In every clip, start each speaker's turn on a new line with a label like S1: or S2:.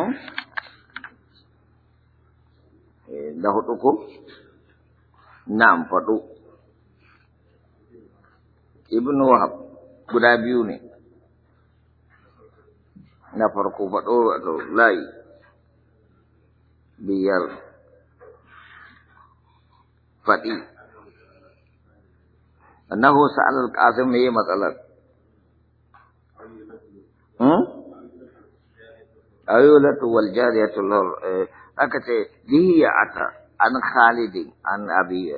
S1: Eh, da hudu ko? Na'am faɗo. Ibn Wahab guda biyu ne. Na farko faɗo wato layi biyar faɗi. annahu sa'al al-Qasim me matsalar? Hmm? أيولة والجارية اللور إيه، أكتة دي أتى عن خالد عن أبي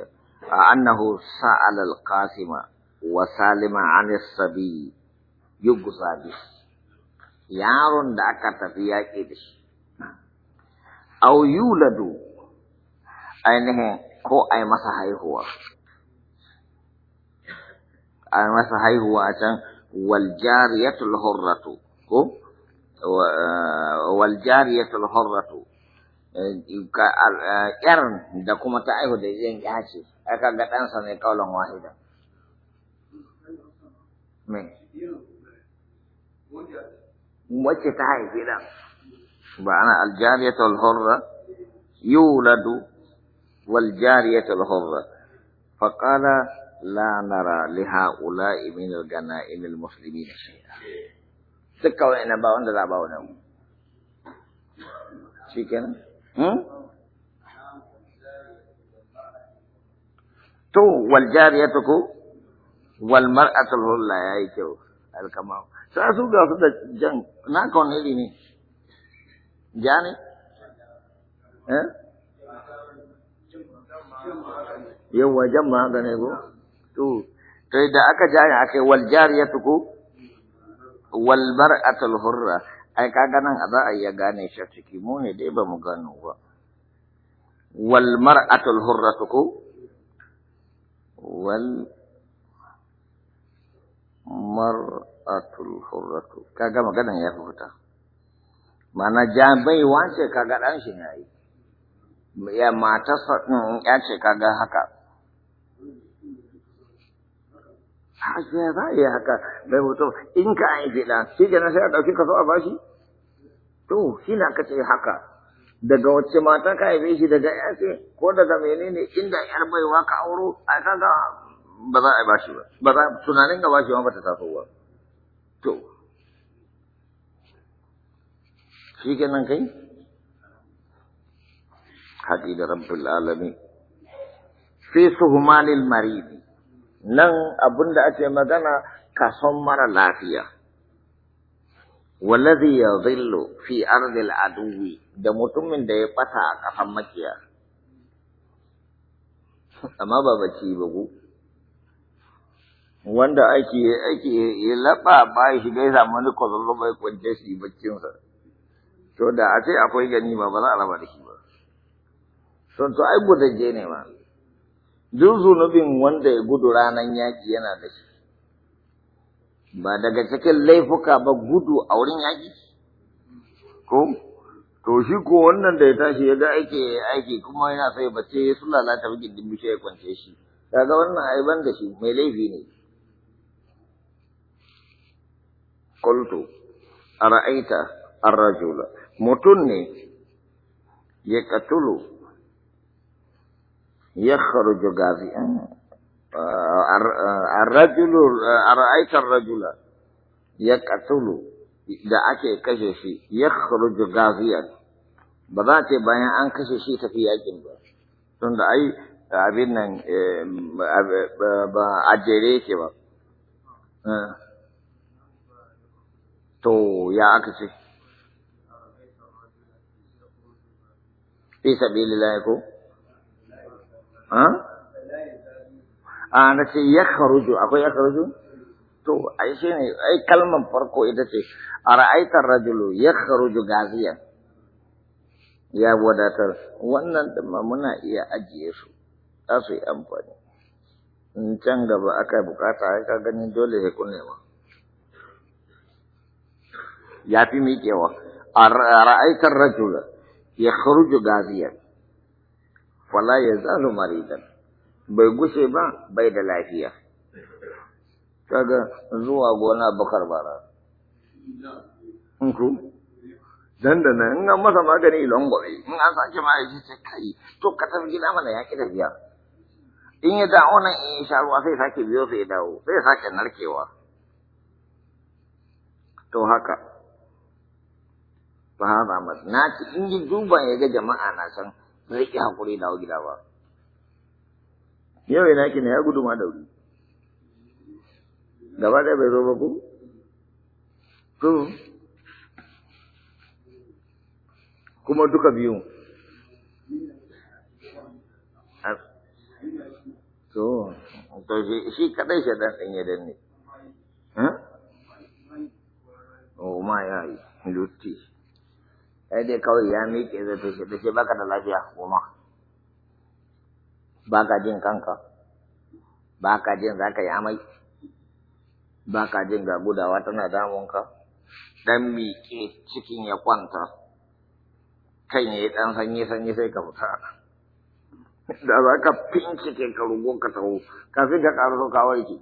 S1: أنه سأل القاسم وسالم عن الصبي يقزى به يار دكت فيا إيدش أو يولد أينه هو أي مسحي هو أي مسحي هو أتى والجارية الهرة كو و... آه... والجارية الحرة يرن دا كما تأيه دا زين جاشي أكا قطان سنة قولا واحدا مين موجه تأيه دا بأنا الجارية الحرة يولد والجارية الحرة فقال لا نرى لهؤلاء من الغنائم المسلمين شيئا سكوا إن باون دا باون shi kenan hmm? to wal jariyatu ko da eh? ma ko to to da aka jaya akai wal jariyatu wal mar'atul hurra ai kaga nan a za a iya gane shi ciki mu ne dai ba mu gano ba wal mar'atul hurratu ku? wal mar'atul hurratu kaga maganan ya fita mana ja bai wace kaga dan shi ne ya sa din mm, ya ce kaga haka haka ya za a yi haka bai mutum in ka aiki ɗan shi kenan sai a ɗauki kaso a bashi to shi na kace haka daga wacce mata ka haife shi daga ya ce ko daga menene inda yar baiwa ka auro a kaga ba za a bashi ba ba za tunanin ga bashi ma ba ta taso ba to shi kenan kai haƙi da rabbul alamin fi suhumanil marid nan abunda ake magana kason mara lafiya wallazi yadhillu fi ardil aduwi da mutumin da ya fata a kafan makiya amma ba bace ba ku wanda ake ake ya laba ba shi dai samu ni kwazo bai kwance shi baccin sa to da a ce akwai gani ba ba za a raba da shi ba son to ai gudaje ne ma duk zunubin wanda ya gudu ranan yaki yana da shi ba daga cikin laifuka ba gudu a wurin yaƙi ko to shi ko wannan da ya tashi ya ga aiki aiki kuma yana sai bace ya sulala ta bugin shi ya kwance shi kaga wannan aiban da shi mai laifi ne qultu ara'aita ar-rajula mutun ne ya katulu ya kharuju gazi'an الرجل أرأيت الرجل يقتل da ake kashe shi ya kharuju gaziyan ba za ce bayan an kashe shi tafi yakin ba tun da ai abin nan ba a jere yake ba to ya aka ce fi sabilillah ko ha a na ce ya kharuju akwai ya kharuju to ai shi ne ai kalmar farko ita ce a ra'aitar rajulu ya kharuju gaziyan ya wadatar wannan dama muna iya ajiye su za su yi amfani in can gaba aka bukata ai ka gani dole ya kunne ma ya fi miƙewa a ra'aitar rajula ya kharuju gaziyan fala ya zalu maridan bai gushe ba bai da lafiya kaga zuwa gona bakar bara Inku? Dandana dan da nan in an masa magani ilon gobe in an sake ma yace ce kai to ka tafi gida mana ya ki biya in ya dawo nan in sha ruwa sai sake biyo sai dawo sai sake narkewa to haka ba ba mas na ci in ji duba ya ga jama'a na san zai ki hakuri dawo gida ba yau yana kina ya gudu ma da wuri gaba da bai zo ba ku to kuma duka biyu to to shi kadai dan ɗin ya danne o oh, ma ya yi lutti ai dai kawai ya miƙe zai ta shi baka da lafiya goma baka jin kanka baka jin za ka yi amai baka jin ga gudawa tana damunka dan miƙe cikin ya kwanta kan ya yi ɗan sanyi-sanyi sai ka fita da za ka fincike ka rugo ka taho kafin ka so ka warke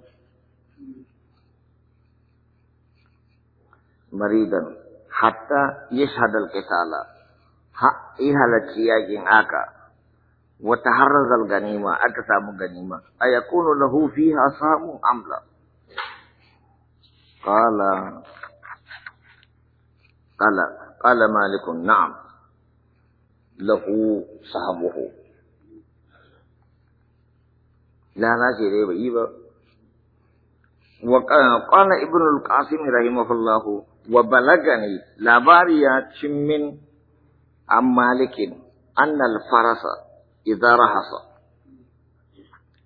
S1: maridan hatta yashhadal qitala ha halarci yakin aka وتحرز الغنيمة أكتام الغنيمة أيكون له فيها صام أم لا قال قال قال مالك نعم له سهمه لا ناشي دي بيبا وقال ابن القاسم رحمه الله وبلغني لاباريا من أم مالك أن الفرس إذا راح رهص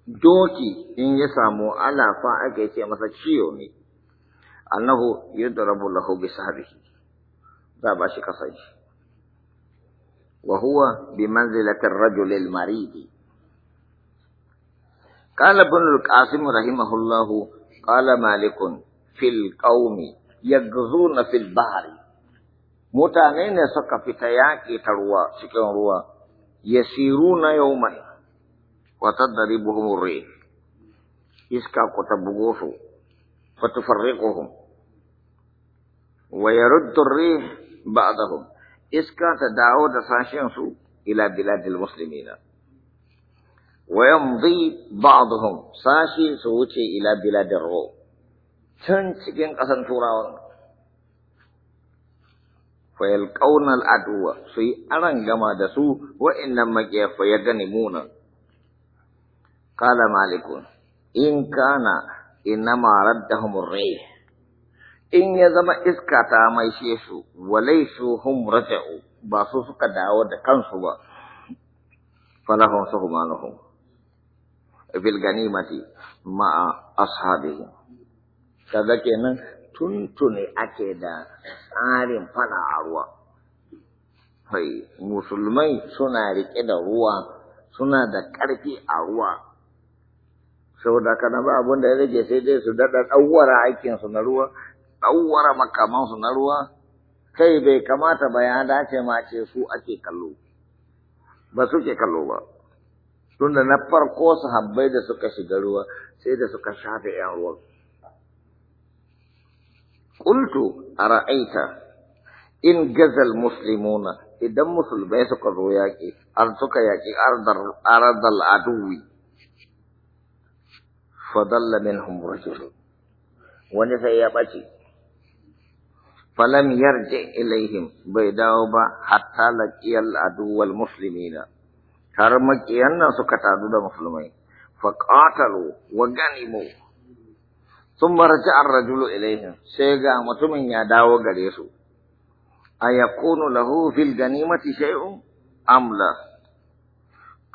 S1: دوتي إن يسامو على فاعك يتي مثلا شيوني أنه يضرب له بسهره بابا شي قصي وهو بمنزلة الرجل المريض قال ابن القاسم رحمه الله قال مالك في القوم يقظون في البحر متانين سكا في تياكي تروى سكا روى yasiruna yawman wa tadribuhum ri iska ko tabugo su fa tufarriquhum wa yaruddu ri ba'dahum iska ta dawo da sashen su ila biladil muslimina wa yamdi ba'dahum sashi su wuce ila biladir ru can cikin ƙasan turawan fayal ƙaunar addu'a su yi aron gama da su waɗannan maƙiyafa ya gani munan. Kada Malam Inca na yi na Marar da Humura. In ya zama iska ta maisha shi, walai shi ya ba shi sukan dawo da kansu ba. Falakansu Huma nufin. Bilgani mafi ma'a a kenan. tuntuni ake da tsarin fada a ruwa. Fai, musulmai suna riƙe da ruwa, suna da ƙarfi a ruwa. Saboda kana ba abin da ya rage sai dai su daɗa ɗauwara aikinsu na ruwa, ɗauwara makamansu na ruwa, kai bai kamata ba ya dace ma ce su ake kallo. Ba suke kallo ba. Tunda na farko su sahabbai da suka shiga ruwa sai da suka shafe 'yan ruwan. قلت أرأيت إن جز المسلمون إذا مسلم سقطوا ياكي أرضك ياكي أرض أرض العدو فضل منهم رجل ونسى يبتي فلم يرجع إليهم بيداوبا حتى لقي العدو والمسلمين كرمك أن سكتادو مسلمين فقاتلوا وغنموا ثم رجع الرجل إليهم سيجا متمن يا داو غريسو أيكون له في الغنيمة شيء أم لا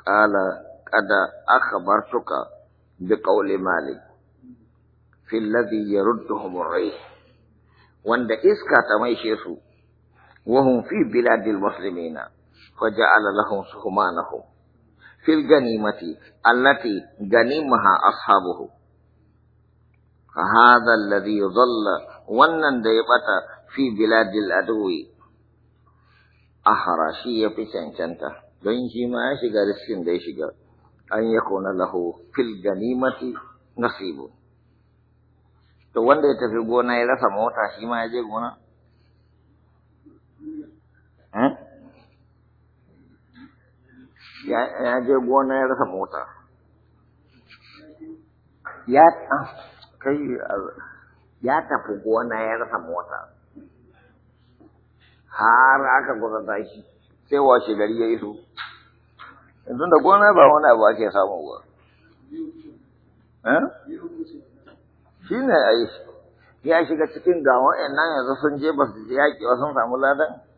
S1: قال قد أخبرتك بقول مالك في الذي يردهم الريح وأن إسكا تميشيسو وهم في بلاد المسلمين فجعل لهم سهمانهم في الغنيمة التي غنيمها أصحابه هذا الذي يظل ونن ديبتا في بلاد الأدوي أحرى شيء في سنجنتا بينجي ما يشيغ رسين ديشيغ أن يكون له في الجنيمة نصيب تو وان ديتا في قونا إلا سموتا شيء ما يجي قونا يجي قونا إلا سموتا يات أه kai ya tafi gona ya rasa mota har aka gwazanta shi sai washe gari ya iso yanzu da gona ba wani abu ake samu ba eh? shi ne a yi ya shiga cikin gawon wa'annan yanzu sun je ba su yaƙi ba sun samu ladan